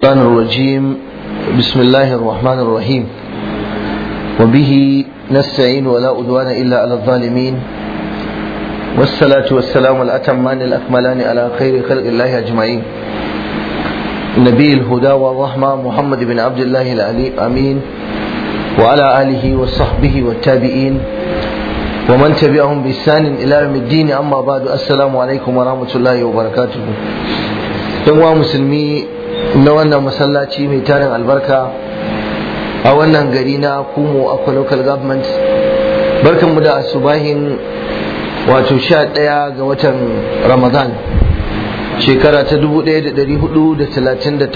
الشيطان الرجيم بسم الله الرحمن الرحيم وبه نستعين ولا أدوان إلا على الظالمين والصلاة والسلام الأتمان الأكملان على خير خلق الله أجمعين نبي الهدى والرحمة محمد بن عبد الله أمين وعلى آله وصحبه والتابعين ومن تبعهم بإحسان إلى يوم الدين أما بعد السلام عليكم ورحمة الله وبركاته يوم مسلمي na wannan masallaci mai tarin albarka a wannan gari na kumo akwai local government barkanmu da asubahin wato sha ɗaya ga watan ramadan shekara ta 1438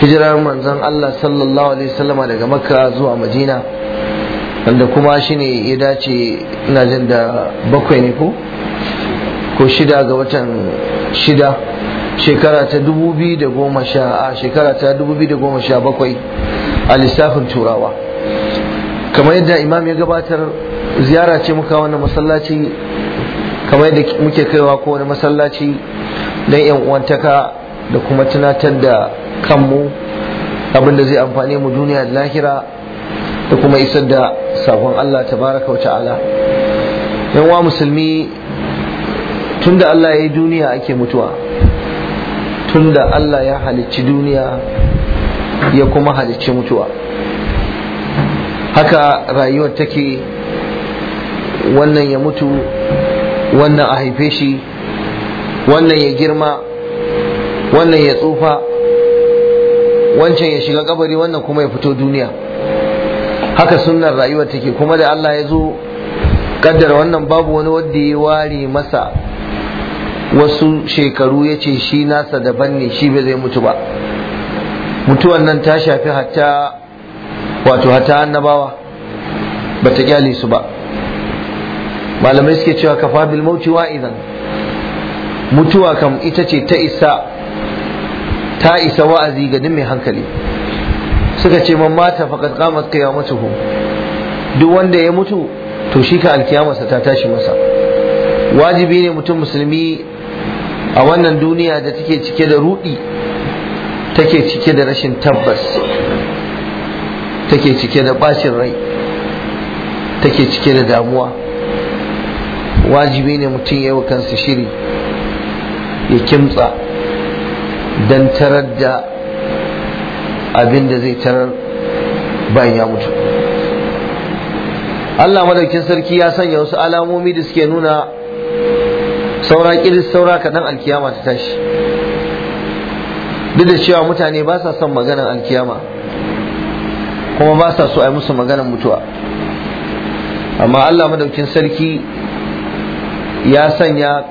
hijirar manzon Allah sallallahu alaihi wasallama daga makka zuwa madina wanda kuma shi ne ya dace na jin da bakwai ne ko ko shida ga watan shida shekara ta 2010 shekara ta 2017 a lissafin turawa kamar yadda imam ya gabatar ziyara ce muka wani masallaci kamar yadda muke kaiwa wani masallaci don yan uwantaka da kuma tunatar da kanmu abinda zai amfani mu duniya da lahira da kuma isar da sakon Allah ta wa ta'ala ala wa musulmi tunda Allah ya yi duniya ake mutuwa Tunda Allah ya halicci duniya ya kuma halicci mutuwa haka rayuwar take wannan ya mutu wannan a haife shi wannan ya girma wannan ya tsufa wancan ya shiga kabari wannan kuma ya fito duniya haka sunan rayuwar take kuma da Allah ya zo kaddara wannan babu wani wadda ya ware masa wasu shekaru ya ce shi nasa daban ne shi bai zai mutu ba mutuwan nan ta shafi hatta wato hatta annabawa ba ta kyale su ba malamai suke cewa kafa bil mauti idan mutuwa kam ita ce ta isa ta isa wa'azi ga mai hankali suka ce man mata faqad qamat qiyamatuhu duk wanda ya mutu to shi ka alkiyamarsa ta tashi masa wajibi ne mutum musulmi a wannan duniya da take cike da rudi take cike da rashin tabbas take cike da bacin rai take cike da damuwa wajibi ne mutum ya yi kansa shiri ya kimtsa don tarar da abin da zai tarar bayan ya mutu Allah madaukin sarki ya sanya wasu alamomi da suke nuna saura kiris saura kaɗan alkiyama ta tashi duk da cewa mutane ba sa son maganar alkiyama kuma ba sa so a yi musu maganar mutuwa amma Allah madaukin sarki ya sanya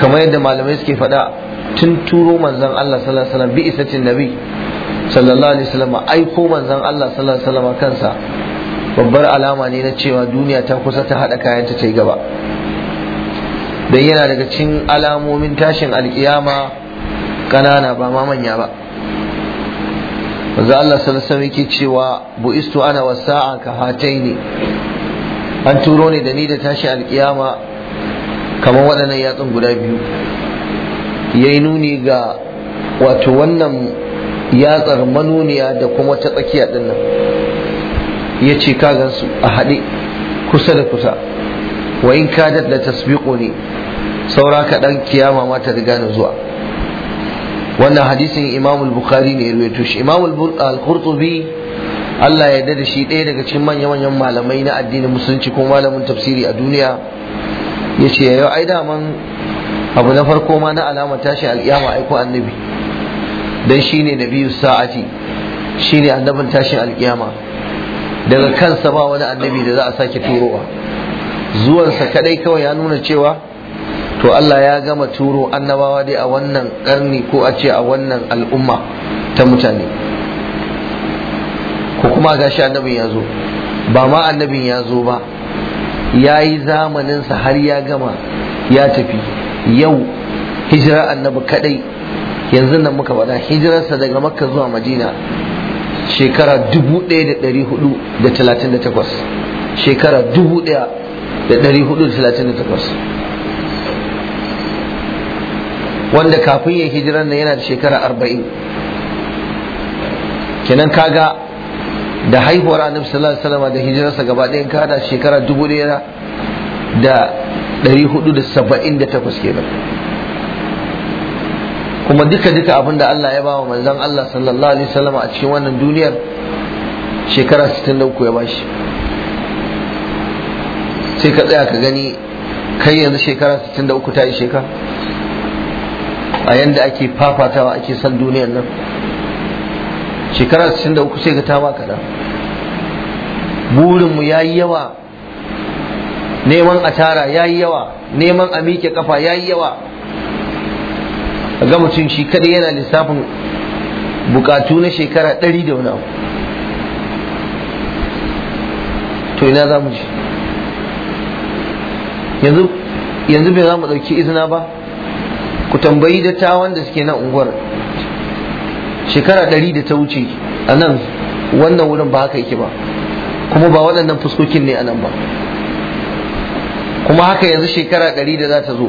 kamar yadda malamai suke faɗa tun turo manzon Allah sallallahu alaihi wasallam bi isatin nabi sallallahu alaihi wasallam aiko manzon Allah sallallahu alaihi wasallam kansa babbar alama ne na cewa duniya ta kusa ta hada kayan ta gaba don yana daga cin alamomin tashin alkiyama ƙanana ba ma manya ba wanzu Allah sallallahu yake cewa bu'istu ana wasa'a ka ne. an turo ne da ni da tashin alkiyama kamar waɗannan yatsun guda biyu Ya yi nuni ga wato wannan yatsar manuniya da kuma ta tsakiya nan. Ya ka gansu a haɗe kusa da kusa wa in kadat la tasbiquni saura kaɗan kiyama mata ta riga ni zuwa wannan hadisin imam al bukhari ne ya rawaito shi imam al-qurtubi Allah ya yarda da shi ɗaya daga cikin manya manyan malamai na addinin musulunci ko malamin tafsiri a duniya yace ce yau ai daman abu na farko ma na alama tashi ai aiko annabi dan shine nabiyyu sa'ati shine annabin tashin alƙiyama daga kansa ba wani annabi da za a sake turowa zuwansa kadai kawai ya nuna cewa to Allah ya gama turo annabawa dai a wannan karni ko a ce a wannan al'umma ta mutane ko kuma gashi annabin ya zo ba ma annabin ya zo ba ya yi zamaninsa har ya gama ya tafi yau hijira annabi kadai yanzu nan muka faɗa hijirarsa daga makka zuwa madina shekara 1438 shekara 1438 da 438 wanda kafin ya hijiran nan yana da shekara 40 kenan kaga da haihuwar annabi sallallahu alaihi wasallam da hijirarsa gaba ɗayan kada shekara 1000 da ke kenan kuma duka duka abin da Allah ya ba wa manzon Allah sallallahu alaihi wasallam a cikin wannan duniyar shekara 63 ya bashi shi sai ka tsaya ka gani kai yanzu shekara 63 ta yi shekara a yanda ake fafatawa ake san duniyar nan shekara 63 sai ka ta baka da burinmu ya yi yawa neman a tara ya yi yawa neman a miƙe kafa ya yi yawa a ga mutum shi kadai yana lissafin bukatu na shekara 100 da wani abu to ina za mu ji yanzu yanzu bai za mu ɗauki izina ba ku tambayi dattawan da suke nan unguwar shekara ɗari da ta wuce a nan wannan wurin ba haka yake ba kuma ba waɗannan fuskokin ne a nan ba kuma haka yanzu shekara ɗari da za ta zo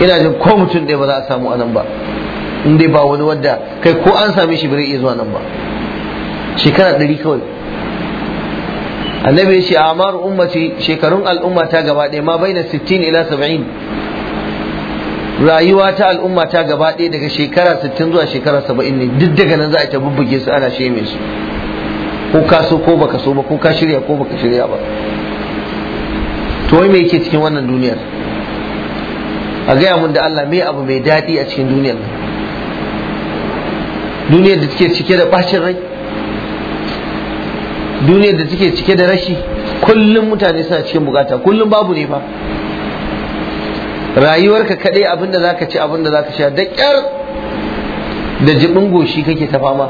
ina jin ko mutum ɗaya ba za a samu a nan ba in dai ba wani wadda kai ko an same shi bai iya zuwa nan ba shekara ɗari kawai annabi ya ce amar ummati shekarun al'umma ta gaba ɗaya ma baina 60 ila 70 rayuwa ta al'umma ta gaba ɗaya daga shekara 60 zuwa shekara 70 ne duk daga nan za a ta bubbuge su ana sheme su ko ka so ko baka so ba ko ka shirya ko baka shirya ba to wai me yake cikin wannan duniyar a gaya mun da Allah me abu mai daɗi a cikin duniyar duniyar da take cike da bacin rai duniyar da take cike da rashi kullum mutane suna cikin bukata kullum babu ne fa rayuwarka kadai abinda za zaka ci abinda za zaka sha da kyar da jibin goshi kake ta fama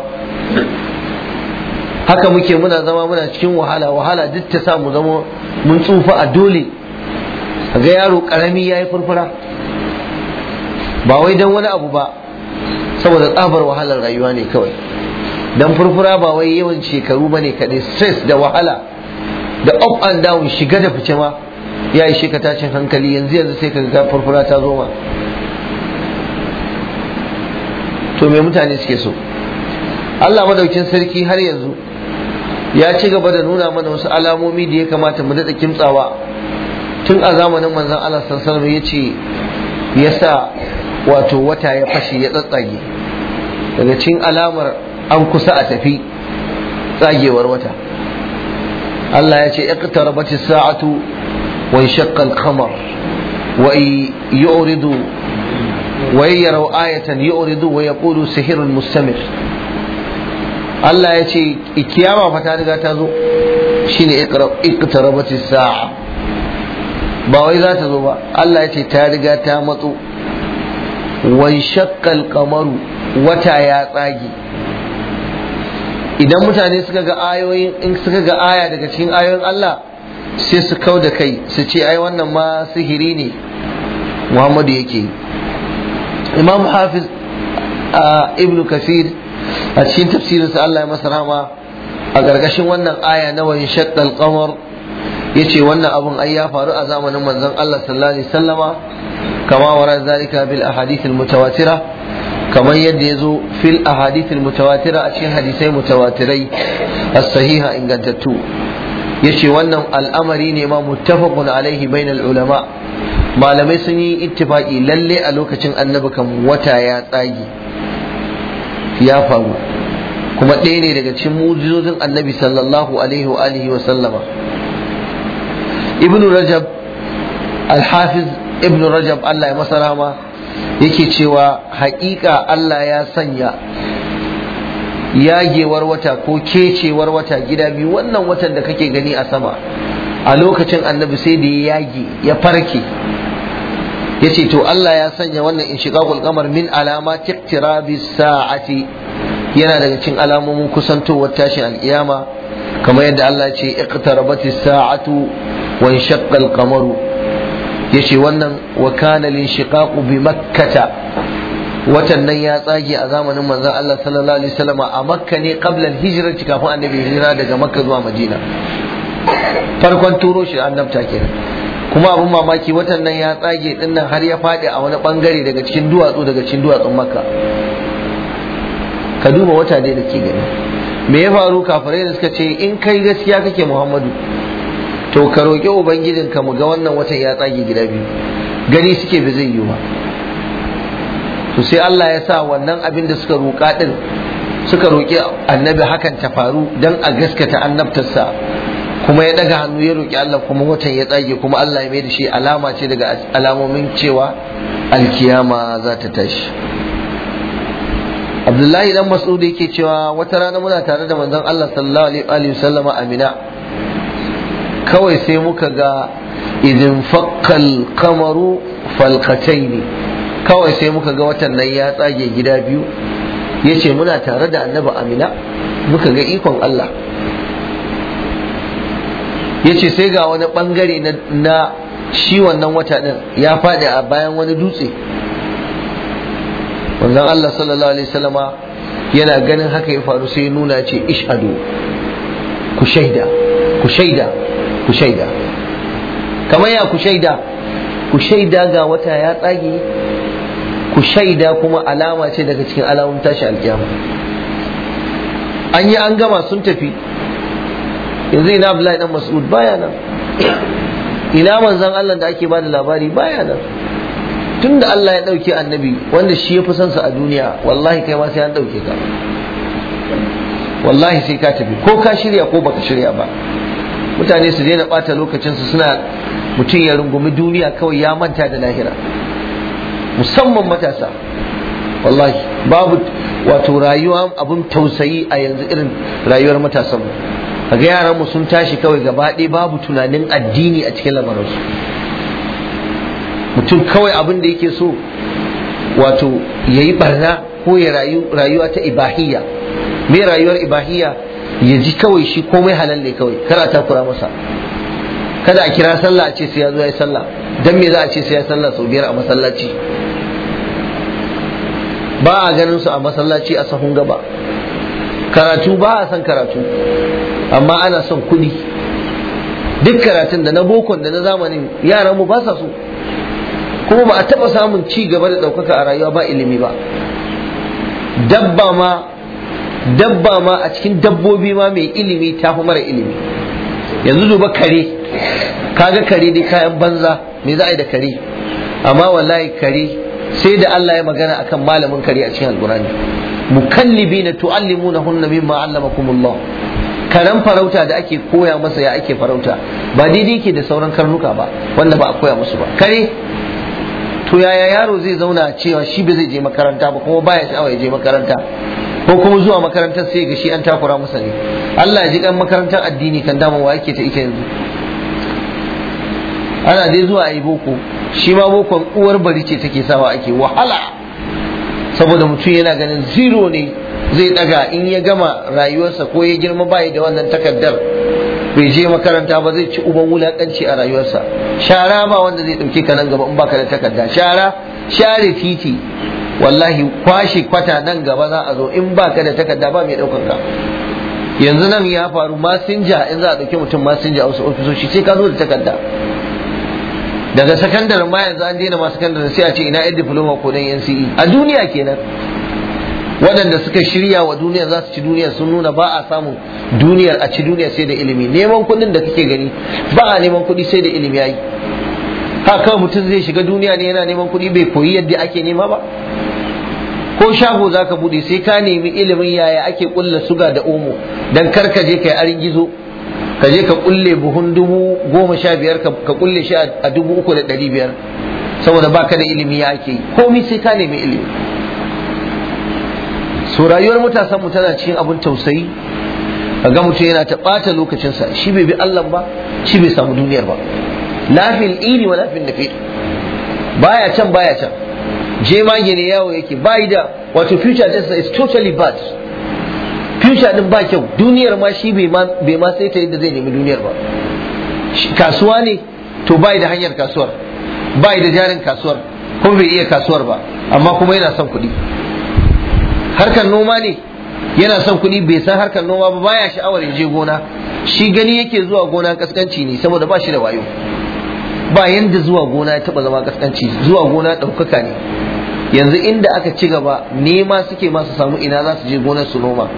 haka muke muna zama muna cikin wahala wahala duk ta sa mu zama mun tsufa a dole ga yaro karami yi furfura ba wai dan wani abu ba saboda tsabar wahalar rayuwa ne kawai dan furfura ba wai yawan shekaru bane kadai stress da wahala da up and down shiga da fice ma ya yi shi hankali yanzu yanzu sai ka ga furfura ta zo ma to me mutane suke so Allah madaukin sarki har yanzu ya ci gaba da nuna mana wasu alamomi da ya kamata mu daɗa kimtsawa tun a zamanin manzan Allah sallallahu alaihi wasallam ya sa yasa wato wata ya fashe ya tsatsage daga cikin alamar an kusa a tafi tsagewar wata Allah ya ce iqtarabatis sa'atu wa shaqqa al-qamar wa yu'ridu wa yaraw ayatan yu'ridu wa yaqulu sihrun mustamir Allah ya ce kiyama fa ta riga ta zo shine iqtarabatis sa'a ba wai za ta zo ba Allah ya ce ta riga ta matso wa shaqqa al-qamaru wata ya tsage idan mutane suka ga ayoyin in suka ga aya daga cikin ayoyin Allah sai su kau da kai su ce ai wannan ma sihiri ne Muhammadu yake Imam Hafiz Ibn Kathir a cikin sa Allah ya masa rahama a gargashin wannan aya na wani shaddal qamar yace wannan abun ai ya faru a zamanin manzon Allah sallallahu alaihi wasallama kama wara zalika bil ahadith al mutawatira kamar yadda ya zo fil a ahadithil mutawatira a cikin hadisai mutawatirai a sahiha ingantattu yace wannan al'amari ne ma muttafaqun alaihi bainal ulama malamai sun yi ittifaki lalle a lokacin annabi kan wata ya tsagi ya faru kuma ɗaya ne daga cikin mujizozin annabi sallallahu alaihi wa alihi wa sallama ibn rajab Alhafiz ibn rajab Allah ya masa yake cewa haƙiƙa Allah ya sanya yagewar wata ko kecewar wata gida biyu wannan watan da kake gani a sama a lokacin annabi sai da ya yage ya farke ya ce to Allah ya sanya wannan in shiga kulkamar min alama tiqtirabis sa'ati yana daga cikin alamomin kusantowar tashin alkiyama kamar yadda Allah ce iqtarabatis sa'atu wa inshaqqal qamaru yace wannan wa kana linshiqaqu bi makkata watan nan ya tsage a zamanin manzon Allah sallallahu alaihi wasallam a makka ne qablan hijrati kafin annabi hijira daga makka zuwa madina farkon turo shi annabta kenan kuma abun mamaki watan nan ya tsage din nan har ya faɗi a wani bangare daga cikin duwatsu daga cikin duwatsun makka ka duba wata dai da ke gani me ya faru kafirai da suka ce in kai gaskiya kake muhammadu to ka roƙi ubangijin ka mu ga wannan watan ya tsage gida biyu gani suke ba zai yi ba to sai Allah ya sa wannan abin da suka roƙa din suka roƙi annabi hakan ta faru dan a gaskata annabtarsa kuma ya daga hannu ya roƙi Allah kuma watan ya tsage kuma Allah ya mai da shi alama ce daga alamomin cewa alkiyama za ta tashi abdullahi dan mas'ud yake cewa wata rana muna tare da manzon Allah sallallahu alaihi wasallama amina kawai sai muka ga idin fakkal kamaru falkatai ne kawai sai muka ga watan nan ya tsage gida biyu ya ce muna tare da annaba amina muka ga ikon Allah ya ce sai ga wani bangare na shi wannan wata din, ya faɗi a bayan wani dutse wannan Allah sallallahu alaihi wasallama yana ganin haka ya faru sai nuna ce ishadu ku shaida ku shaida ku shaida kamar ya ku shaida ku shaida ga wata ya tsage ku shaida kuma alama ce daga cikin alamun tashi alkiyama an yi an gama sun tafi yanzu ina dan Mas'ud baya nan ina manzon Allah da ake bada labari baya nan tunda Allah ya dauke annabi wanda shi ya fi son sa a duniya wallahi kai ma sai an dauke ka wallahi sai ka tafi ko ka shirya ko baka shirya ba mutane su daina bata lokacinsu suna mutum ya rungumi duniya kawai ya manta da lahira musamman matasa wallahi babu wato rayuwa abin tausayi a yanzu irin rayuwar matasan mu yaranmu sun tashi kawai gaba ɗaya babu tunanin addini a cikin lamarinsu mutum kawai abin da yake so wato ya yi barna ko ya rayuwa ta ibahiyya me rayuwar ibahiyya ya ji kawai shi komai halal ne kawai Kada a takura masa kada a kira sallah a ce sai ya zo ya sallah dan me za a ce sai ya sallah sau biyar a masallaci ba a ganin su a masallaci a sahun gaba karatu ba a son karatu amma ana son kuɗi duk karatun da na bokon da na zamanin yaran mu ba sa so kuma ba a taɓa samun ci gaba da ɗaukaka a rayuwa ba ilimi ba dabba ma dabba ma a cikin dabbobi ma mai ilimi ta fi mara ilimi yanzu duba kare kaga kare dai kayan banza me za a yi da kare amma wallahi kare sai da Allah ya magana akan malamin kare a cikin na na na tu'allimunahunna mimma 'allamakumullah karan farauta da ake koya masa ya ake farauta ba daidai ke da sauran karnuka ba wanda ba a koya musu ba kare to yaya yaro zai zauna cewa shi ba zai je makaranta ba kuma baya sha'awa ya je makaranta ko kuma zuwa makarantar sai ga shi an takura masa ne Allah ya ji kan makarantar addini kan dama wa yake ta ita yanzu ana dai zuwa ayi boko shi ma bokon uwar bari ce take sawa ake wahala saboda mutum yana ganin zero ne zai daga in ya gama rayuwarsa ko ya girma bayi da wannan takardar bai je makaranta ba zai ci uban wulakanci a rayuwarsa shara ba wanda zai ɗauke ka nan gaba in baka da takarda shara share titi wallahi kwashe kwata nan gaba za a zo in baka da takarda ba mai daukar ka yanzu nan ya faru masinja in za a dauki mutum masinja a wasu ofisoshi sai ka zo da takarda daga sakandaren ma yanzu an daina ma sakandaren sai a ce ina yan diploma ko dan NCE a duniya kenan waɗanda suka shirya wa duniya za su ci duniya sun nuna ba a samun duniyar a ci duniya sai da ilimi neman kuɗin da kake gani ba a neman kuɗi sai da ilimi ya yi haka mutum zai shiga duniya ne yana neman kuɗi bai koyi yadda ake nema ba ko shago ka bude sai ka nemi ilimin yaya ake kulla suga da omo dan kar ka je kai arin gizo ka je ka kulle buhun dubu goma sha biyar ka kulle shi a dubu uku da ɗari biyar saboda baka da ilimi ya ake komi sai ka nemi ilimi so rayuwar matasan mu tana cikin abun tausayi ga mutum yana ta ɓata lokacinsa shi bai bi Allah ba shi bai samu duniyar ba lafil ili wa lafil nafi baya can baya can jemage ne yawo yake bai da wato future ɗinsa is totally bad future din ba kyau duniyar ma shi bai ma sai ta yadda zai nemi duniyar ba kasuwa ne to bai da hanyar kasuwar bai da jarin kasuwar kuma bai iya kasuwar ba amma kuma yana son kuɗi harkar noma ne yana son kuɗi bai san harkar noma ba baya sha'awar ya je gona shi gani yake zuwa gona kaskanci ne saboda ba shi da wayo ba yanda zuwa gona ya taba zama kaskanci zuwa gona ɗaukaka ne yanzu inda aka ci gaba nema suke masu samu ina za su je gonar su noma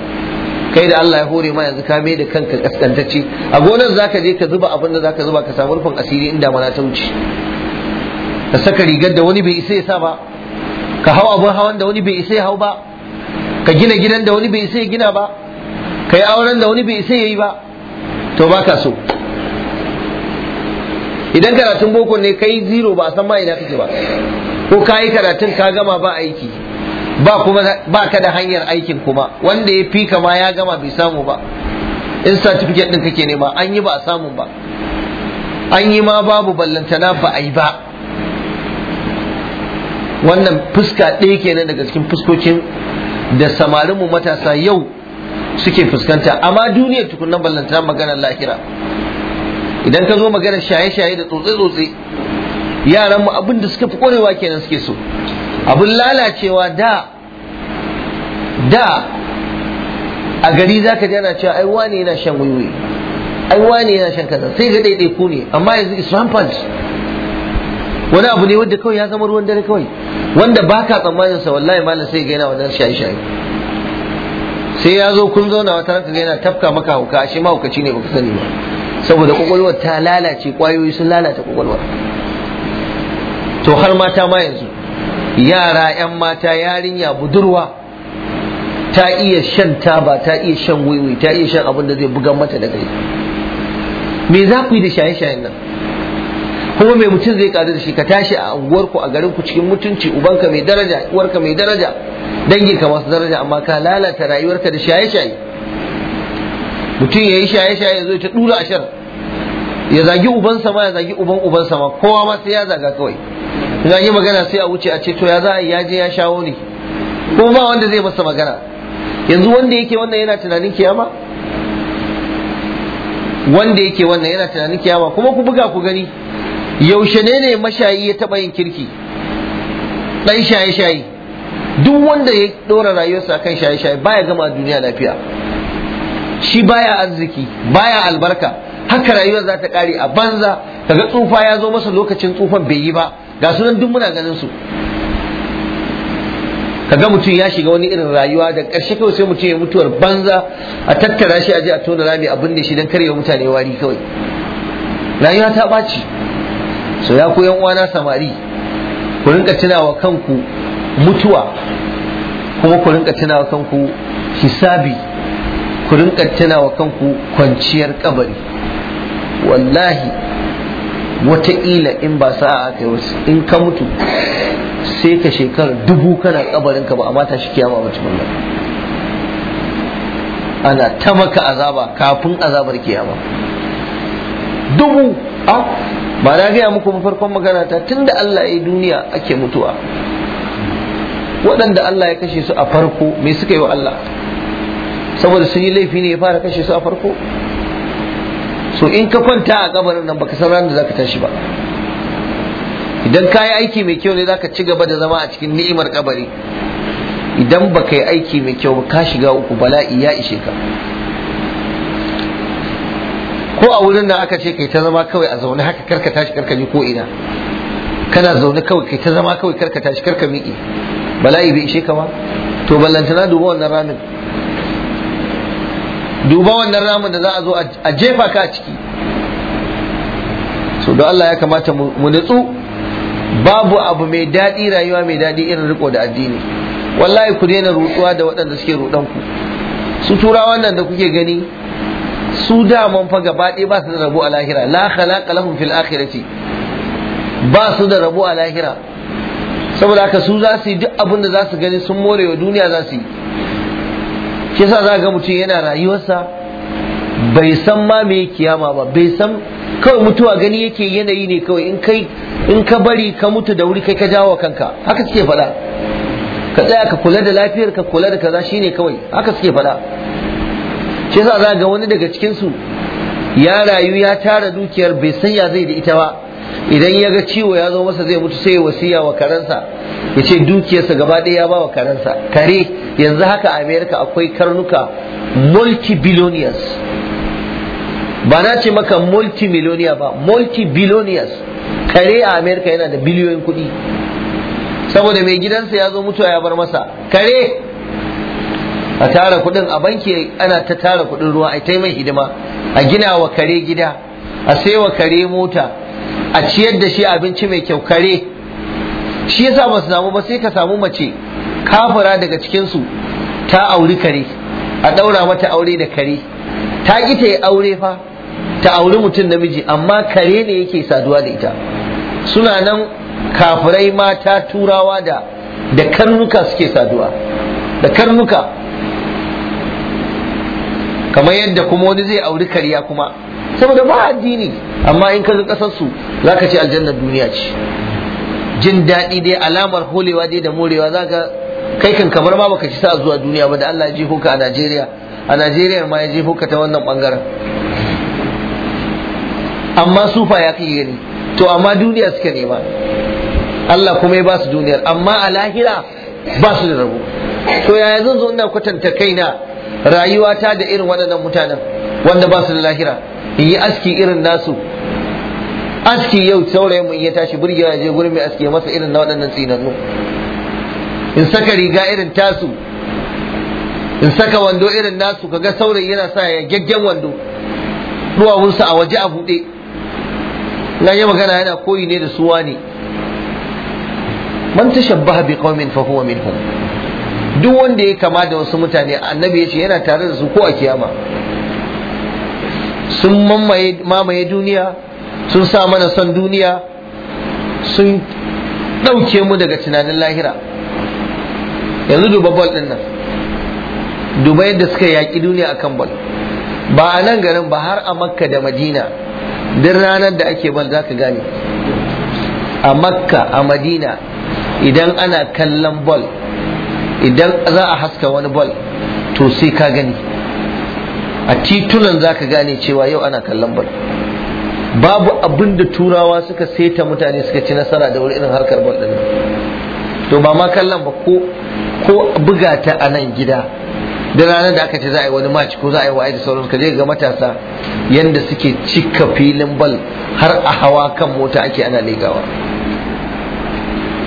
kai da Allah ya hore ma yanzu ka mai da kanka kaskantacce a gonar zaka je ka zuba abin da zaka zuba ka samu rufin asiri inda mana ta wuce ka saka rigar da wani bai isa ya sa ba ka hau abin hawan da wani bai isa ya hau ba ka gina gidan da wani bai isa ya gina ba ka yi auren da wani bai isa ya yi ba to baka so idan karatun boko ne kai zero ba a san ma ina kake ba ko ka yi karatun ka gama ba aiki ba kuma ba ka da hanyar aikin kuma wanda ya fi kama ya gama bai samu ba in certificate din kake nema an yi ba a samu ba an yi ma babu ballantana ba a yi ba wannan fuska ɗaya kenan daga cikin fuskokin da samarinmu matasa yau suke fuskanta amma duniyar tukunan ballantana maganar lahira idan ka zo maganar shaye-shaye da tsotse-tsotse yaran mu abin da suka fi ƙwarewa kenan suke so abin lalacewa da da a gari za ka jana cewa ai wane yana shan wiwi ai wane yana shan kaza sai ga ku ne amma yanzu is rampant wani abu ne wanda kawai ya zama ruwan dare kawai wanda baka tsammanin sa wallahi malam sai ga yana wannan shaye-shaye sai ya zo kun zauna wata ranka ga yana tafka maka hauka ashe ma haukaci ne ka sani ba saboda kwakwalwar ta lalace kwayoyi sun lalata kwakwalwar to har mata ma yanzu yara 'yan mata yarinya budurwa ta iya shan taba ta iya shan wiwi ta iya shan abin zai bugan mata da gari me za ku yi da shaye-shayen nan kuma mai mutum zai karu da shi ka tashi a unguwarku a garin ku cikin mutunci ubanka mai daraja uwarka mai daraja danginka masu daraja amma ka lalata rayuwarka da shaye-shaye mutum ya yi shaye-shaye zai ta dura ashar ya zagi uban sama ya zagi uban uban sama kowa ma sai ya zaga kawai idan yi magana sai a wuce a ce to ya za a yaje je ya shawo ne kuma ba wanda zai masa magana yanzu wanda yake wannan yana tunanin kiyama wanda yake wannan yana tunanin kiyama kuma ku buga ku gani yaushe ne ne mashayi ya taba yin kirki dan shaye shaye duk wanda ya dora rayuwarsa kan shaye shaye baya gama duniya lafiya shi baya arziki baya albarka haka rayuwar za ta kare a banza kaga tsufa ya zo masa lokacin tsufan bai yi ba ga sunan duk muna ganin su kaga mutum ya shiga wani irin rayuwa da ƙarshe kawai sai mutum ya mutuwar banza a tattara shi a ji a tona rami abin da shi don karewa mutane wari kawai rayuwa ta ɓaci so ya ku uwana samari ku rinka tunawa kanku mutuwa kuma ku rinka tunawa kanku hisabi ku rinka tunawa kanku kwanciyar kabari wallahi wataƙila in ba sa aka yi wasu in ka mutu sai ka shekara dubu kana kabarin ka ba a mata shi kiyama ba ana ta maka azaba kafin azabar kiyama dubu a ba na gaya muku farkon magana ta tun da Allah ya yi duniya ake mutuwa waɗanda Allah ya kashe su a farko me suka yi wa Allah saboda sun yi laifi ne ya fara kashe su a farko so in ka kwanta a kabarin nan baka san ranar da zaka tashi ba idan ka yi aiki mai kyau ne zaka ci gaba da zama a cikin ni'imar kabari idan baka yi aiki mai kyau ba ka shiga uku bala'i ya ishe ka ko a wurin da aka ce kai ta zama kawai a zaune haka karka tashi karka ji ko ina kana zaune kawai kai ta zama kawai karka tashi karka miƙe bala'i bai ishe ka ba to ballantana duba wannan ranar duba wannan ramin da za a zo a jefa ka a ciki so don Allah ya kamata mu nutsu babu abu mai daɗi rayuwa mai daɗi irin riko da addini wallahi ku daina rutsuwa da waɗanda suke rudan ku su tura wannan da kuke gani su daman fa gaba ɗaya ba su da rabu a lahira la khalaqa lahum fil akhirati ba su da rabu a lahira saboda haka su za su yi duk abin da za su gani sun more wa duniya za su yi shi yasa za ga mutum yana rayuwarsa bai san ma me kiyama ba bai san kawai mutuwa gani yake yanayi ne kawai in ka bari ka mutu da wuri kai ka jawo kanka haka suke faɗa ka tsaya ka kula da lafiyar ka kula da kaza shine kawai haka suke faɗa shi sa za ga wani daga cikin su ya rayu ya tara dukiyar bai san ya zai da ita ba idan ya ga ciwo ya zo masa zai mutu sai ya wasiya wa karensa ya ce dukiyarsa gaba ɗaya ya ba wa karensa kare yanzu haka a america akwai karnuka multi ba na ce maka multi ba multi kare a america yana da biliyoyin kuɗi saboda mai gidansa ya zo mutuwa ya bar masa kare a tara kuɗin a banki ana ta tara kuɗin ruwa a taimai hidima a gina wa kare gida a sai wa kare mota a ciyar da shi abinci mai kyau kare shi yasa ba su samu ba sai ka samu mace kafira daga cikinsu ta auri kare a daura mata aure da kare ta ƙi ta aure fa ta auri mutum namiji amma kare ne yake saduwa da ita suna nan kafirai mata turawa da da karnuka suke saduwa da karnuka kamar yadda kuma wani zai auri kariya kuma saboda ba addini amma in ka ga kasar su zaka ce aljanna duniya ce jin daɗi dai alamar holewa dai da morewa zaka kai kan kamar ma baka ci sa zuwa duniya ba da Allah ya jefo ka a Najeriya a Najeriya ma ya jefo ka ta wannan bangaren amma sufa ya kai gani to amma duniya suka nema Allah kuma ya ba su duniyar amma a lahira ba su da rabo to yaya zan zo ina kwatanta kaina rayuwata da irin waɗannan mutanen wanda ba su da lahira yi aski irin nasu aski yau saurayin mu iya tashi burgewa je gurin mai aski masa irin na waɗannan tsinannu in saka riga irin tasu in saka wando irin nasu kaga saurayi yana sa ya gyaggyan wando duwawunsa a waje a buɗe na yi magana yana koyi ne da suwa ne man tashabbaha bi qaumin fa huwa minhum duk wanda ya kama da wasu mutane annabi ya ce yana tare da su ko a kiyama sun mamaye duniya sun sa mana son duniya sun ɗauke mu daga tunanin lahira yanzu duba bol ɗin nan duba yadda suka yaƙi duniya akan bol ba a nan garin ba har a makka da madina duk ranar da ake bol za ka gane a makka a madina idan ana kallon bol idan za a haska wani bol to sai ka gani a titunan za ka gane cewa yau ana kallon bal babu abin da turawa suka seta mutane suka ci nasara da wuri irin harkar bal ɗin to ba ma kallon ba ko ko buga ta a nan gida da ranar da aka ce za a yi wani match ko za a yi wa'ai da sauransu ka je ga matasa yanda suke cika filin bal har a hawa kan mota ake ana legawa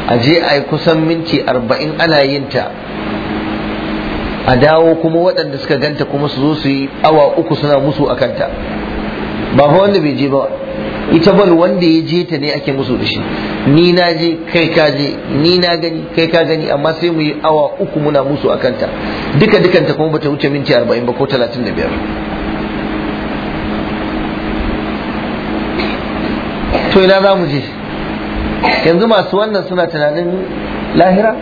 a je a yi kusan minti arba'in ana yin ta a dawo kuma waɗanda suka ganta kuma su zo su yi awa uku suna musu a kanta ba fa wanda bai je ba ita bal wanda ya je ta ne ake musu da shi ni na je kai ka je ni na gani kai ka gani amma sai mu yi awa uku muna musu a kanta duka dukanta kuma bata wuce minti arba'in ba ko talatin da biyar to ina za mu je yanzu masu wannan suna tunanin lahira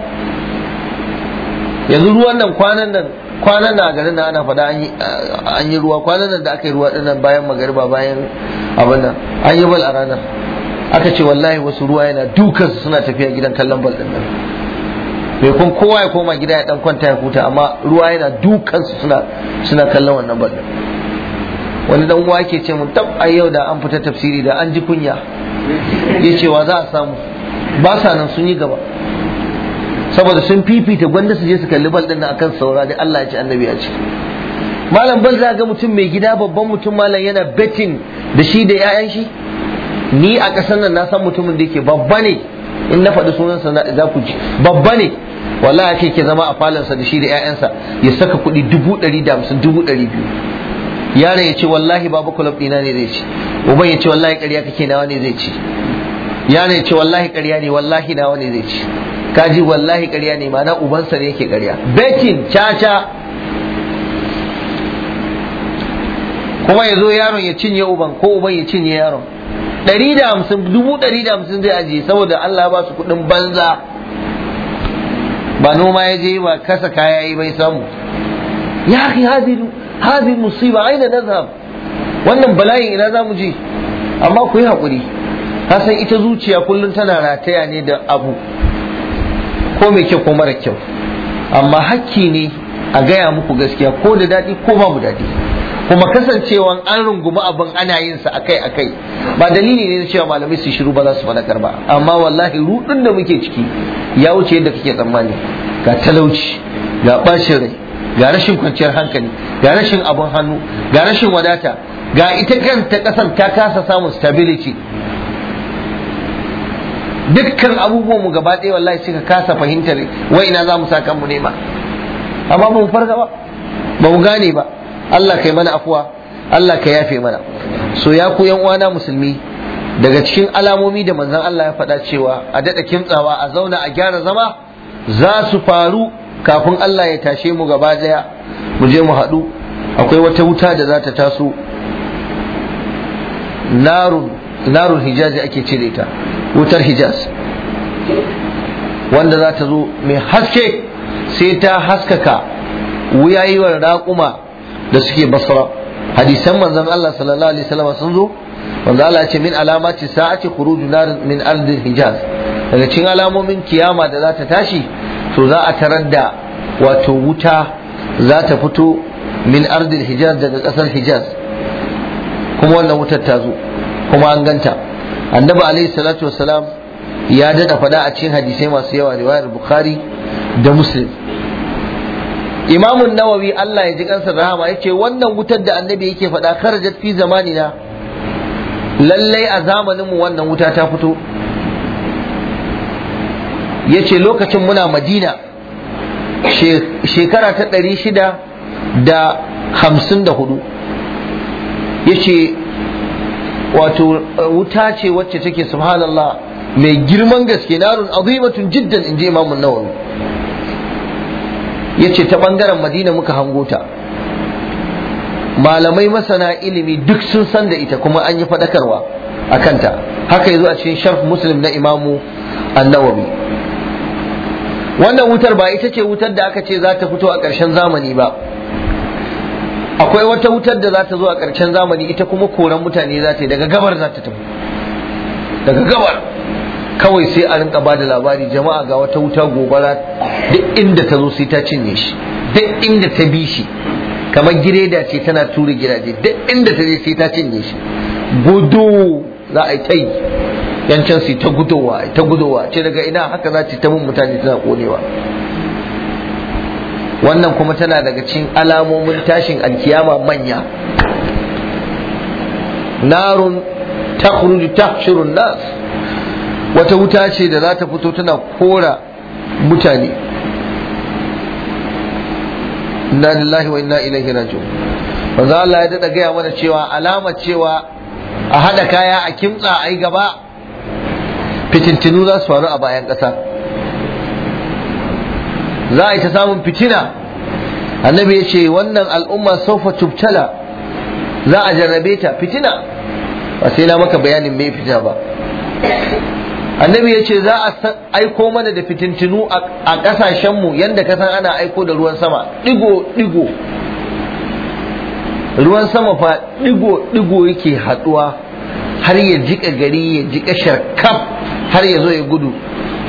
yanzu ruwan nan kwanan nan kwanan na garin nan ana faɗa an yi ruwa kwanan nan da aka yi ruwa dinnan bayan magariba bayan abin nan an yi bal a ranar aka ce wallahi wasu ruwa yana dukansu suna tafiya gidan kallon bal ɗin nan bai kun kowa ya koma gida ya dan kwanta ya huta amma ruwa yana dukansu suna suna kallon wannan bal ɗin. wani dan uwa ke ce mun tab yau da an fita tafsiri da an ji kunya ya ce wa za a samu ba sa nan sun yi gaba saboda sun fifita gwanda su je su kalli bal din akan dai Allah ya ci annabi ya ci malam bal zaga mutum mai gida babban mutum malam yana betting da shi da 'ya'yan shi ni a ƙasar nan na san mutumin da yake babba ne in na faɗi sunansa za ku ji babba ne wallahi ake ke zama a sa da shi da 'ya'yansa ya saka kuɗi dubu ɗari da hamsin dubu ɗari biyu yaron ya ce wallahi babu kulab ɗina ne zai ci uban ya ce wallahi ƙarya kake nawa ne zai ci yaron ya ce wallahi ƙarya ne wallahi nawa ne zai ci kaji wallahi ƙarya ne ma na ubansa ne yake ƙarya bekin caca kuma ya zo yaron ya cinye uban ko uban ya cinye yaron ɗari da hamsin dubu ɗari da hamsin zai ajiye saboda Allah ba su kuɗin banza ba noma ya je ba kasa kaya yi bai samu ya akhi hadhihi musiba aina nazhab wannan bala'in ina zamu je amma ku yi hakuri san ita zuciya kullum tana rataya ne da abu ko mai kyau ko mara kyau amma hakki ne a gaya muku gaskiya ko da daɗi ko ba mu daɗi kuma kasancewan an rungumi abin ana yin sa akai akai ba dalili ne na cewa malamai su shiru ba za su faɗakar ba amma wallahi rudin da muke ciki ya wuce yadda kake tsammani ga talauci ga ɓacin rai ga rashin kwanciyar hankali ga rashin abin hannu ga rashin wadata ga ita kanta kasar ta kasa samun stability dukkan abubuwan mu gaba ɗaya wallahi suka kasa fahimtar wai ina za mu sa kanmu nema amma ba mu farga ba ba mu gane ba Allah kai mana afuwa Allah ka yafe mana so ya ku yan uwana musulmi daga cikin alamomi da manzon Allah ya faɗa cewa a dada kimtsawa a zauna a gyara zama za su faru kafin Allah ya tashe mu gaba ɗaya mu je mu haɗu akwai wata wuta da za ta taso narun narun hijazi ake cire ta wutar hijaz wanda za ta zo mai haske sai ta haskaka wuyayiwar raƙuma da suke basra hadisan manzon Allah sallallahu alaihi wasallam sun zo wanda Allah ce min alamati sa'ati khuruju nar min ardin hijaz daga cikin alamomin kiyama da za ta tashi to za a tarar da wato wuta za ta fito min ardin hijaz daga ƙasar hijaz kuma wannan wutar ta zo kuma an ganta annabi alaihi salatu wasalam ya dada fada a cikin hadisai masu yawa riwayar bukhari da muslim imamun nawawi Allah ya ji kansa rahama yace wannan wutar da annabi yake fada kharajat fi zamanina lallai a zamanin mu wannan wuta ta fito yace lokacin muna madina shekara ta ɗari shida da hamsin da hudu yace wato uh, wuta ce wacce take subhanallah mai girman gaske narun azimatun jiddan inji imamu nawawi yace ta bangaren madina muka hango ta malamai masana ilimi duk sun san da ita kuma an yi fadakarwa a kanta haka yazo a cikin sharh muslim na imamu annawawi wannan wutar ba ita ce wutar da aka ce za ta fito a ƙarshen zamani ba akwai wata wutar da za ta zo a ƙarshen zamani ita kuma koran mutane za ta yi daga gabar za ta tafi daga gabar kawai sai a rinka ba da labari jama'a ga wata wuta gobara duk inda ta zo sai ta cinye shi duk inda ta bi shi kamar gireda ce tana tura gidaje duk inda ta je sai ta cinye shi gudu za a yi ta yi ta gudowa ta gudowa ce daga ina haka za ta ta mun mutane tana konewa wannan kuma tana daga cikin alamomin tashin alkiyama manya narun takhruju tahshurun nas wata wuta ce da za ta fito tana kora mutane inna lillahi wa inna ilaihi raji'un manzo Allah ya dada gaya mana cewa alama cewa a haɗa kaya a kimtsa ai gaba fitintinu za su faru a bayan ƙasa za a yi ta samun fitina annabi ya ce wannan al'umma saufa tubtala za a jarrabe ta fitina ba sai na maka bayanin mai fitina ba annabi ya ce za a aiko mana da fitintinu a ƙasashenmu yadda ka san ana aiko da ruwan sama ɗigo-ɗigo ruwan sama fa ɗigo-ɗigo yake haɗuwa har ya jika gari ya jika sharkaf har ya zo ya gudu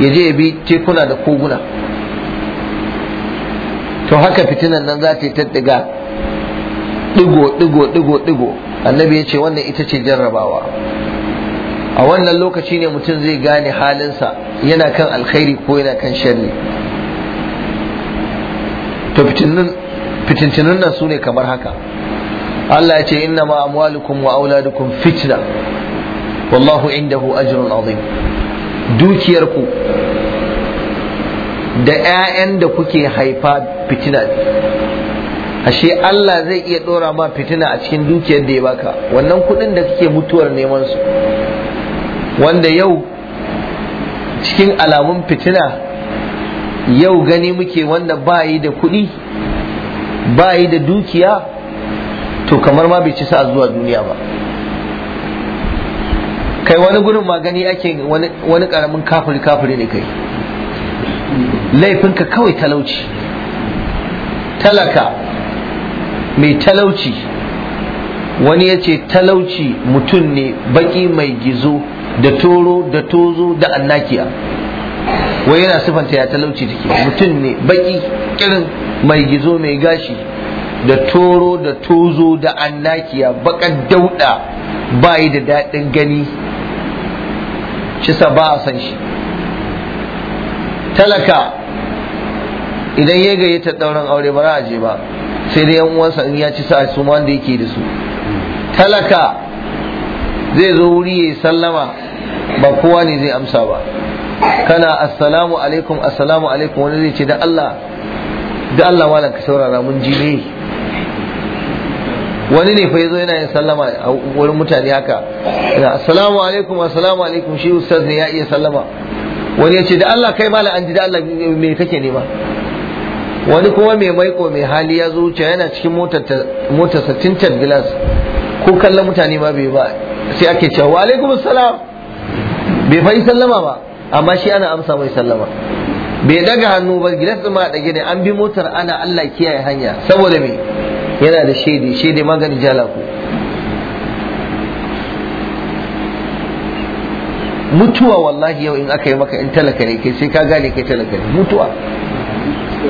ya je ya bi tekuna da koguna to haka fitinan nan za ta yi taddiga digo digo digo digo annabi ya ce wannan ita ce jarrabawa a wannan lokaci ne mutum zai gane halinsa yana kan alkhairi ko yana kan sharri to fitintunan nan su ne kamar haka Allah ya ce inna ma amwalukum wa auladukum fitna wallahu indahu ajrun azim dukiyarku da 'ya'yan da kuke haifa fitina ashe Allah zai iya ɗora ma fitina a cikin dukiyar da ya baka wannan kuɗin da kuke mutuwar neman su wanda yau cikin alamun fitina yau gani muke wanda bayi da kuɗi bayi da dukiya to kamar ma bai ci sa zuwa duniya ba kai wani gurin magani ake wani karamin kafiri kafiri ne kai laifinka kawai talauci talaka mai talauci wani ya ce talauci mutum ne baki mai gizo da toro da tozo da annakiya wai yana sifanta ya talauci take mutum ne baki kirin mai gizo mai gashi da toro da tozo da annakiya bakan dauda bayi da daɗin gani shi ba a san shi talaka idan ya gayyata ɗauran aure ba za ba sai dai yan uwansa in ya ci sa su ma wanda yake da su talaka zai zo wuri ya sallama ba kowa ne zai amsa ba kana assalamu alaikum assalamu alaikum wani zai ce da Allah da Allah malam ka saurara mun ji ne wani ne fa yazo yana yin sallama a wurin mutane haka assalamu alaikum assalamu alaikum shi ustaz ne ya iya sallama wani ya ce da Allah kai mala an ji da Allah me kake nema wani kuma mai maiko mai hali ya zo wuce yana cikin motar sa tintar glass ko kallon mutane ma bai ba sai ake cewa wa alaikum salam bai fa sallama ba amma shi ana amsa mai sallama bai daga hannu ba gilas ma da gida an bi motar ana Allah kiyaye hanya saboda me yana da shaidi shaidi maganin jalaku mutuwa wallahi yau in aka yi maka in talaka ne kai sai ka gane kai talaka ne mutuwa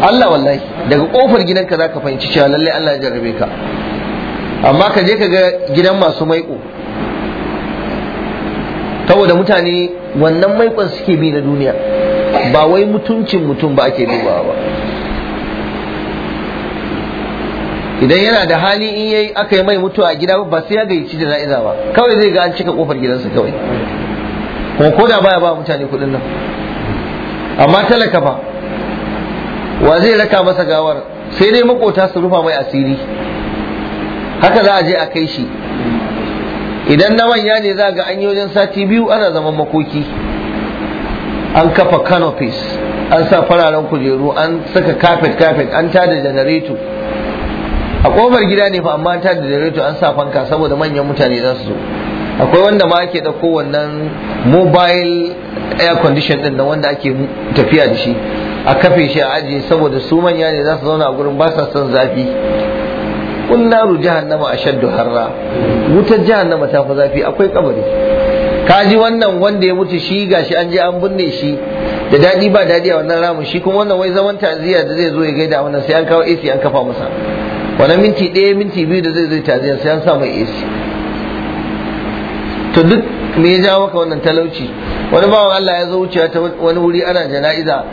Allah wallahi daga kofar gidanka za ka fahimci cewa lallai Allah ya jarrabe ka amma ka je ka ga gidan masu maiƙo saboda mutane wannan maikon suke bi na duniya ba wai mutuncin mutum ba ake dubawa ba idan yana da hali in yayi aka yi mai mutuwa a gida ba sai ya da na'iza ba kawai zai ga an cika kofar gidansa kawai kuma ko da baya ba mutane kuɗin nan amma talaka ba wa zai raka masa gawar sai dai makota su rufa mai asiri haka za a je a kai shi idan na manya ne za ga an wajen sati biyu ana zaman makoki an kafa canopies an sa fararen kujeru an saka carpet carpet an tada janareto a kofar gida ne fa amma an tada janareto an sa fanka saboda manyan mutane za su zo akwai wanda ma ake dauko wannan mobile air condition din da wanda ake tafiya da shi a kafe shi a ajiye saboda su manya ne za su zauna a gurin ba sa son zafi kun naru jahannama a shaddu harra wutar jahannama ta fi zafi akwai kabari kaji wannan wanda ya mutu shi gashi an je an binne shi da daɗi ba daɗi a wannan ramin shi kuma wannan wai zaman taziya da zai zo ya gaida wannan sai an kawo AC an kafa masa wannan minti ɗaya minti biyu da zai zo taziya sai an sa mai AC to duk me ya jawo maka wannan talauci wani bawan Allah ya zo wucewa ta wani wuri ana jana'iza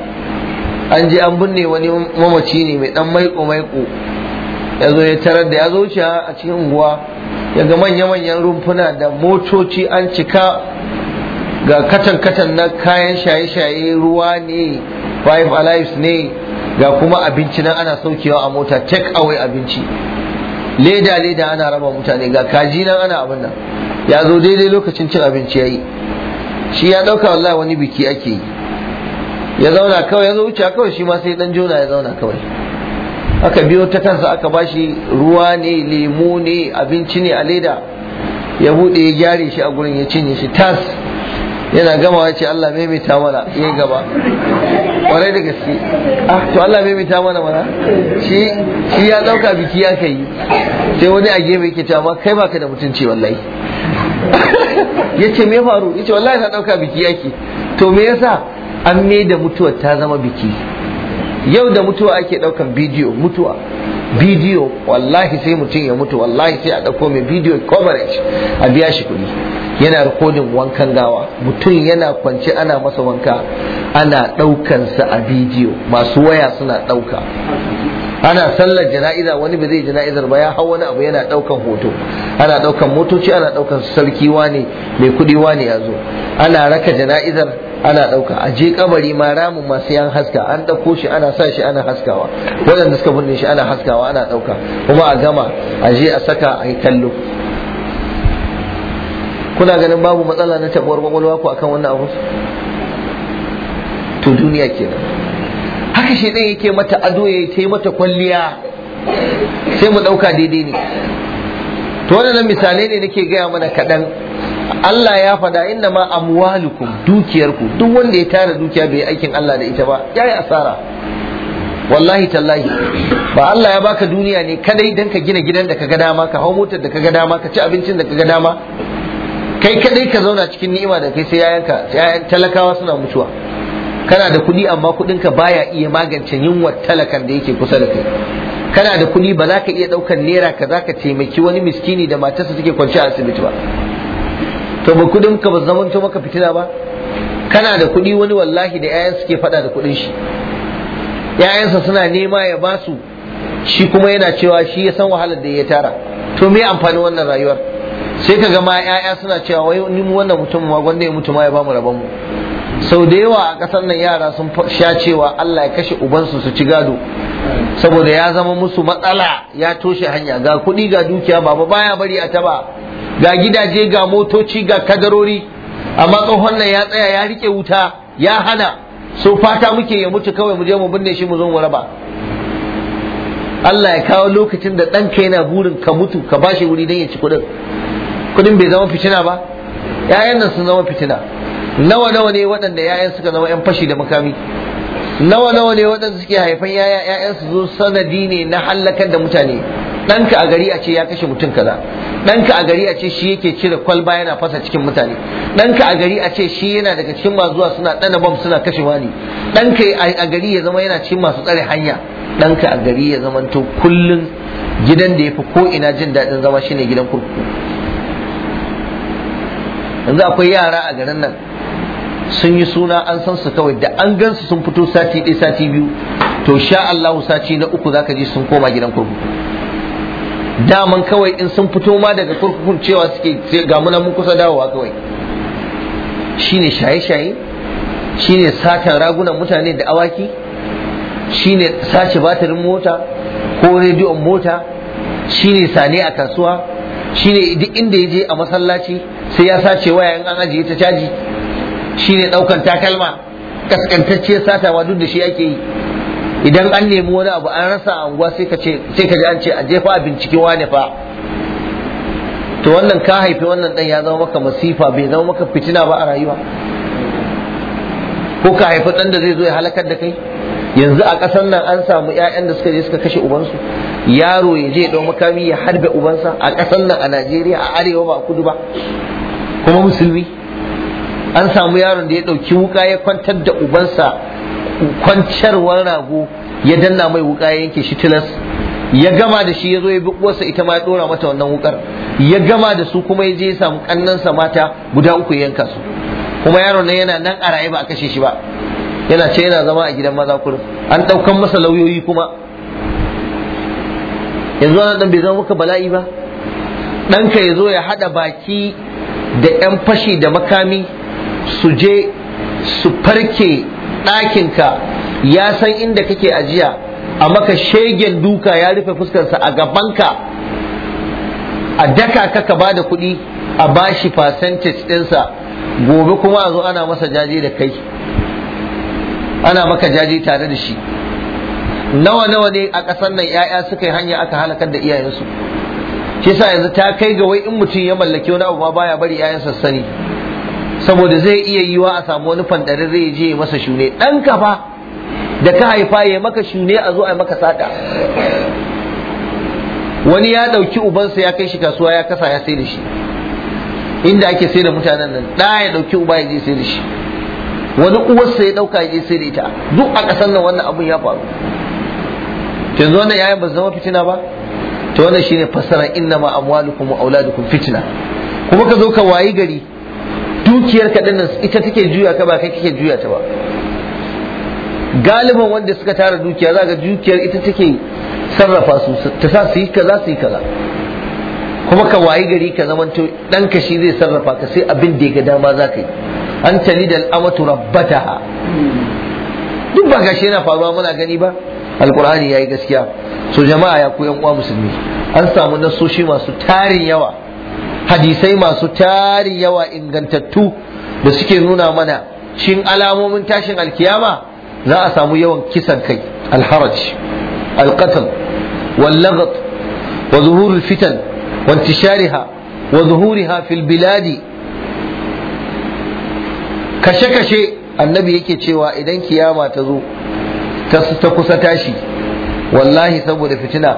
an je an binne wani mamaci ne mai dan maiko maiko ya zo ya tarar da ya zo wucewa a cikin unguwa ya ga manya-manyan rumfuna da motoci an cika ga katan-katan na kayan shaye-shaye ruwa ne five alives ne ga kuma abinci nan ana saukewa a mota take away abinci leda-leda ana raba mutane ga kaji nan ana abin nan ya zo daidai lokacin cin abinci yayi shi ya dauka wallahi wani biki ake yi ya zauna kawai ya zo wuce kawai shi ma sai dan jona ya zauna kawai aka biyo ta kansa aka bashi ruwa ne lemu ne abinci ne a leda ya bude ya gyare shi a gurin ya cinye shi tas yana gama ya ce Allah maimaita mana Ya gaba kwarai da gaske ah to Allah maimaita mana mana shi ya dauka biki aka yi sai wani a gefe yake cewa kai baka da mutunci wallahi yace me faru ce wallahi ta dauka biki yake to me yasa an me da mutuwa ta zama biki yau da mutuwa ake daukan bidiyo mutuwa bidiyo wallahi sai mutum ya mutu wallahi sai a dauko mai bidiyo coverage a biya shi kuɗi yana rikodin wankan gawa mutum yana kwance ana masa wanka ana ɗaukansa a bidiyo masu waya suna ɗauka ana sallar jana'iza wani ba zai jana'izar ba ya hau wani abu yana daukan hoto ana daukan motoci ana daukan sarki wane mai kudi wane ya zo ana raka jana'izar ana dauka a je kabari ma ramin masu yan haska an dauko shi ana sa shi ana haskawa waɗanda suka binne shi ana haskawa ana dauka kuma a gama a je a saka a yi kallo kuna ganin babu matsala na tabuwar kwakwalwa ku akan wannan abu to duniya kenan haka ɗin yake mata ado ya yi mata kwalliya sai mu ɗauka daidai ne to wannan misalai ne nake gaya mana kaɗan Allah ya faɗa inna ma amwalukum dukiyarku duk wanda ya tara dukiya bai aikin Allah da ita ba ya yi asara wallahi tallahi ba Allah ya baka duniya ne kadai dan ka gina gidan da ka ga dama ka hau motar da ka ga dama ka ci abincin da ka ga dama kai kadai ka zauna cikin ni'ima da kai sai yayanka yayan talakawa suna mutuwa kana da kuɗi amma kuɗin ka baya iya magance yunwar talakan da yake kusa da kai kana da kuɗi ba za ka iya ɗaukar naira ka za ka taimaki wani miskini da matarsa take kwance a asibiti ba to ba kuɗin ka ba zamanto maka fitina ba kana da kuɗi wani wallahi da yayan suke faɗa da kuɗin shi 'ya'yansa suna nema ya basu shi kuma yana cewa shi ya san wahalar da ya tara to me amfani wannan rayuwar sai kaga ma 'ya'ya suna cewa wai ni wannan mutum ma gwanda ya mutu ma ya bamu rabon mu sau da yawa a ƙasar nan yara sun sha cewa Allah ya kashe ubansu su ci gado saboda ya zama musu matsala ya toshe hanya ga kuɗi ga dukiya baba baya bari a taba ga gidaje ga motoci ga kadarori amma tsohon nan ya tsaya ya rike wuta ya hana so fata muke ya mutu kawai mu je mu binne shi mu zo mu raba Allah ya kawo lokacin da ka yana burin ka mutu ka bashi wuri don ya ci kuɗin kuɗin bai zama fitina ba 'ya'yan nan sun zama fitina nawa nawa ne waɗanda yayan suka zama yan fashi da makami nawa nawa ne waɗanda suke haifan yaya yayan su zo sanadi ne na hallakar da mutane ɗanka a gari a ce ya kashe mutum kaza ɗanka a gari a ce shi yake cire kwalba yana fasa cikin mutane ɗanka a gari a ce shi yana daga cikin masu zuwa suna ɗana bam suna kashe wani ɗanka a gari ya zama yana cikin masu tsare hanya ɗanka a gari ya zama to kullum gidan da ya fi ko ina jin daɗin zama shine gidan kurkuku yanzu akwai yara a garin nan sun yi suna an san su kawai da an gansu sun fito sati ɗaya sati biyu to sha Allahu sati na uku zaka ji sun koma gidan kurkuku daman kawai in sun fito ma daga kurkukun cewa suke ga mun kusa dawowa kawai shine shaye-shaye shine satan ragunan mutane da awaki shine sace batirin mota ko rediyon mota shine sane a kasuwa shine duk inda ya je a masallaci sai ya sace waya in an ajiye ta caji shine daukan takalma sata wa duk da shi ake yi idan an nemi wani abu an rasa a unguwa sai ka an ce a jefa a binciki wane fa to wannan ka haifi wannan dan ya zama maka masifa bai zama maka fitina ba a rayuwa ko ka haifi ɗan da zai zo ya halakar da kai yanzu a ƙasar nan an samu 'ya'yan da suka je suka kashe ubansu yaro ya je ɗau makami ya harbe ubansa a ƙasar nan a najeriya a arewa ba a kudu ba kuma musulmi an samu yaron da ya ɗauki wuka ya kwantar da ubansa kwancarwar rago ya danna mai wuka ya yanke shi tilas ya gama da shi ya zo ya bi uwarsa ita ma ya ɗora mata wannan wukar ya gama da su kuma ya je ya samu sa mata guda uku ya yanka su kuma yaron nan yana nan a ba a kashe shi ba yana ce yana zama a gidan maza kurum an ɗaukan masa lauyoyi kuma yanzu wannan dan bai zama maka bala'i ba ɗanka ya zo ya haɗa baki da 'yan fashi da makami su je su farke ɗakinka ya san inda kake ajiya a maka shegen duka ya rufe fuskarsa a gabanka a daka kaka ba da kuɗi a bashi percentage ɗinsa gobe kuma a zo ana masa jaje da kai ana maka jaje tare da shi nawa nawa ne a ƙasar nan 'ya'ya suka yi hanya aka halakar da iyayensu shi yanzu ta kai ga wai in mutum ya mallaki wani abu ma baya bari 'ya'yansa sani saboda zai iya yi wa a samu wani fandarin zai je masa shune dan kafa da ka haifa ya maka shune a zo a maka sata wani ya ɗauki ubansa ya kai shi kasuwa ya kasa ya sai da shi inda ake sai da mutanen nan ɗa ya ɗauki uba ya je sai da shi wani uwarsa ya ɗauka ya je sai da ita duk a kasan nan wannan abun ya faru yanzu wannan yayan ba zama fitina ba to wannan shine fassara inna ma amwalukum wa auladukum fitna kuma ka zo ka wayi gari zuciyar ka dinnan ita take juya ka ba kai kake juya ta ba galiban wanda suka tara dukiya za ga dukiyar ita take sarrafa su ta sa su yi kaza su yi kaza kuma ka wayi gari ka to dan ka shi zai sarrafa ka sai abin da ya ga dama za ka yi an tali da al'amatu rabbataha duk ba gashi yana faruwa muna gani ba alkur'ani yayi gaskiya so jama'a ya koyan uwa musulmi an samu nasoshi masu tarin yawa hadisai masu tari yawa ingantattu da suke nuna mana shin alamomin tashin alkiyama za a samu yawan kisan kai alharaj alqatl واللغط وظهور الفتن وانتشارها وظهورها في البلاد kashe-kashe annabi yake cewa idan kiyama ta zo ta kusa tashi wallahi saboda fitina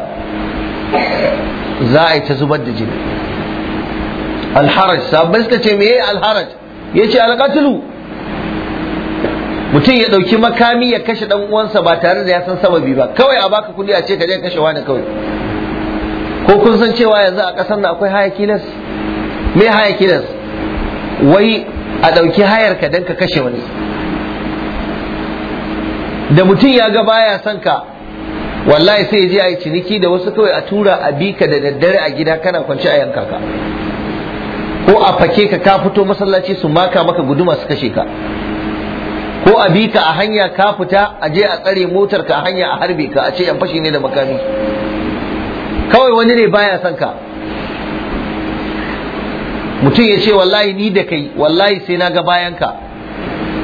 za a yi ta zubar da jini alharaj sabai suka ce meye alharaj ya ce alƙatulu mutum ya ɗauki makami ya kashe ɗan uwansa ba tare da ya san sababi ba kawai a baka kuɗi a ce ka je kashe wani kawai ko kun san cewa yanzu a ƙasar nan akwai hayaki nas? me hayaki nas? wai a ɗauki hayar ka ka kashe wani da mutum ya ga baya son ka wallahi sai ya je a yi ciniki da wasu kawai a tura a bika da daddare a gida kana kwance a yanka ka ko a fake ka ka fito masallaci su maka maka guduma su kashe ka ko a bi ka a hanya ka fita a je a tsare motar ka a hanya a harbe ka a ce yan fashi ne da makami kawai wani ne baya son ka mutum ya ce wallahi ni da kai wallahi sai na ga bayan ka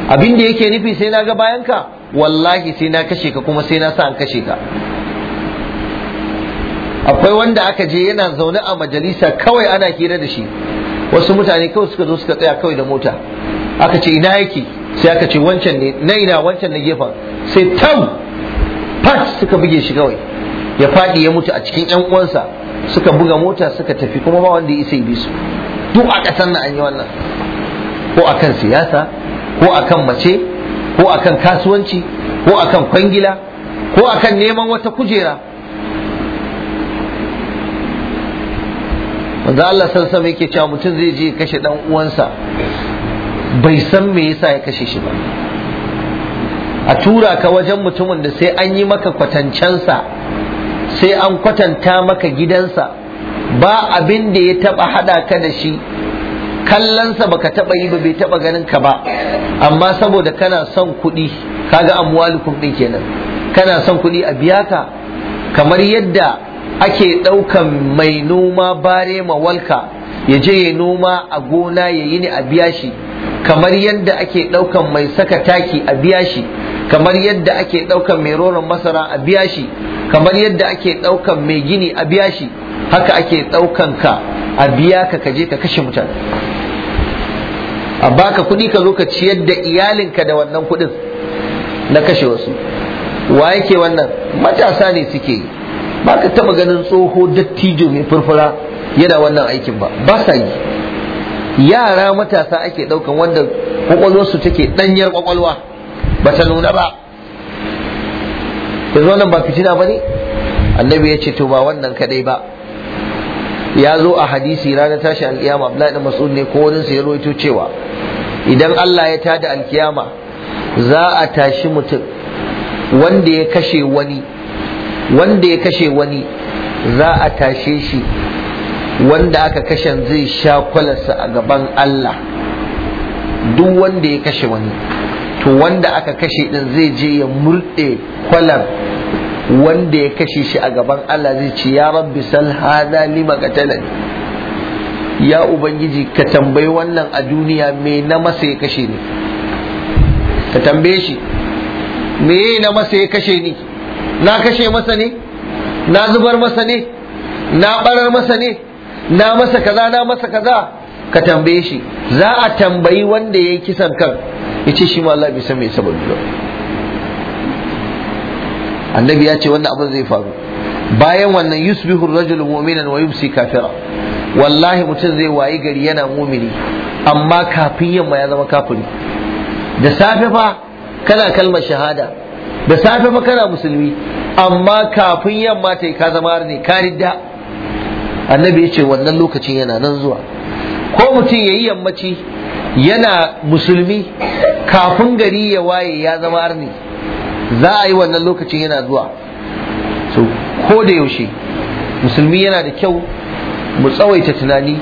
abin da yake nufi sai na ga bayan ka wallahi sai na kashe ka kuma sai na sa an kashe ka akwai wanda aka je yana zaune a majalisa kawai ana hira da shi wasu mutane kawai suka zo suka tsaya kawai da mota aka ce ina yake sai aka ce wancan ne na ina wancan na gefen sai tam pat suka buge shi kawai ya faɗi ya mutu a cikin yan uwansa suka buga mota suka tafi kuma ba wanda ya isa bi su duk a ƙasar nan an yi wannan ko akan siyasa ko akan mace ko akan kasuwanci ko akan kwangila ko akan neman wata kujera manzo Allah san alaihi yake cewa mutum zai je kashe dan uwansa bai san me yasa ya kashe shi ba a tura ka wajen mutumin da sai an yi maka kwatancensa sai an kwatanta maka gidansa ba abin da ya taba hada ka da shi kallonsa baka taba yi ba bai taba ganin ka ba amma saboda kana son kuɗi kaga amwalukum din kenan kana son kuɗi a biya ka kamar yadda ake ɗaukan mai noma bare walka, ya je ya noma a gona ya yi ni a biya shi kamar yadda ake ɗaukan mai saka taki a biya shi kamar yadda ake ɗaukan mai roron masara a biya shi kamar yadda ake ɗaukan mai gini a biya shi haka ake ɗaukan ka a biya ka kaje ka kashe mutane a baka kuɗi ka zo ka ciyar da iyalinka da wannan kuɗin na kashe wasu wa yake wannan matasa ne suke yi ba ka taba ganin tsoho dattijo mai furfura yana wannan aikin ba ba sa yi yara matasa ake daukan wanda kwakwalwarsu take danyar kwakwalwa ba ta nuna ba ta wannan ba fitina ba ne annabi ya ce to ba wannan kadai ba ya zo a hadisi ranar tashi alkiyama abdullahi da masu ne ko wurinsa ya rawaito cewa idan Allah ya tada alkiyama za a tashi mutum wanda ya kashe wani wanda ya kashe wani za a tashe shi wanda aka kashe zai sha kwalarsa a gaban Allah duk wanda ya kashe wani to wanda aka kashe din zai je ya murɗe kwalar wanda ya kashe shi a gaban Allah zai ce ya rabbi sal hada lima qatalani ya ubangiji ka tambayi wannan a duniya me na masa ya kashe ni ka tambaye shi me na masa ya kashe ni na kashe masa ne na zubar masa ne na barar masa ne na masa kaza na masa kaza ka tambaye shi za a tambayi wanda ya yi kisan kan ya ce shi Allah bai san me sababi ba annabi ya ce wannan abin zai faru bayan wannan yusbihu rajul mu'minan wa yubsi kafira wallahi mutum zai wayi gari yana mumini amma kafin yamma ya zama kafiri da safe fa kana kalmar shahada da safe fa kana musulmi amma kafin yamma ta ka zama ne ka ridda annabi ya ce wannan lokacin yana nan zuwa ko mutum ya yi yammaci yana musulmi kafin gari ya waye ya zama ne za a yi wannan lokacin yana zuwa so ko da yaushe musulmi yana da kyau mu tsawaita tunani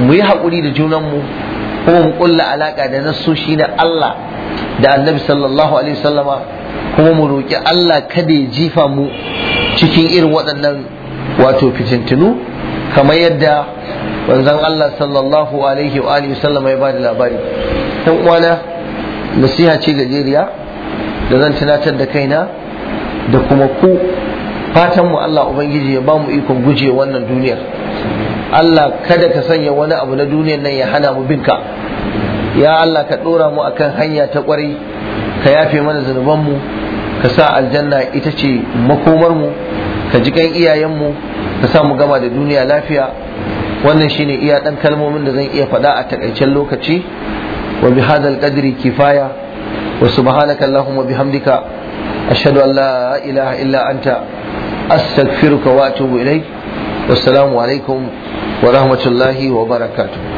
mu yi haƙuri da junanmu kuma mu ƙulla alaƙa da nassoshi na Allah da annabi sallallahu alaihi wasallama kuma mu roƙi Allah kada ya jifa mu cikin irin waɗannan wato fitintinu kamar yadda wanzan Allah sallallahu alaihi wa alihi sallama ya bada labari dan uwana nasiha ce gajeriya da zan tunatar da kaina da kuma ku fatan mu Allah ubangiji ya ba mu ikon guje wannan duniyar Allah kada ka sanya wani abu na duniyar nan ya hana mu binka ya Allah ka ɗora mu akan hanya ta ƙwarai ka yafe mana zunubanmu ka sa aljanna ita ce makomarmu ka ji kan iyayenmu ka sa mu gama da duniya lafiya wannan shine iya dan kalmomin da zan iya faɗa a takaicen lokaci wa bi hadal qadri kifaya wa subhanaka allahumma bihamdika ashhadu an la ilaha illa anta astaghfiruka wa atubu ilaik wassalamu alaikum wa rahmatullahi wa barakatuh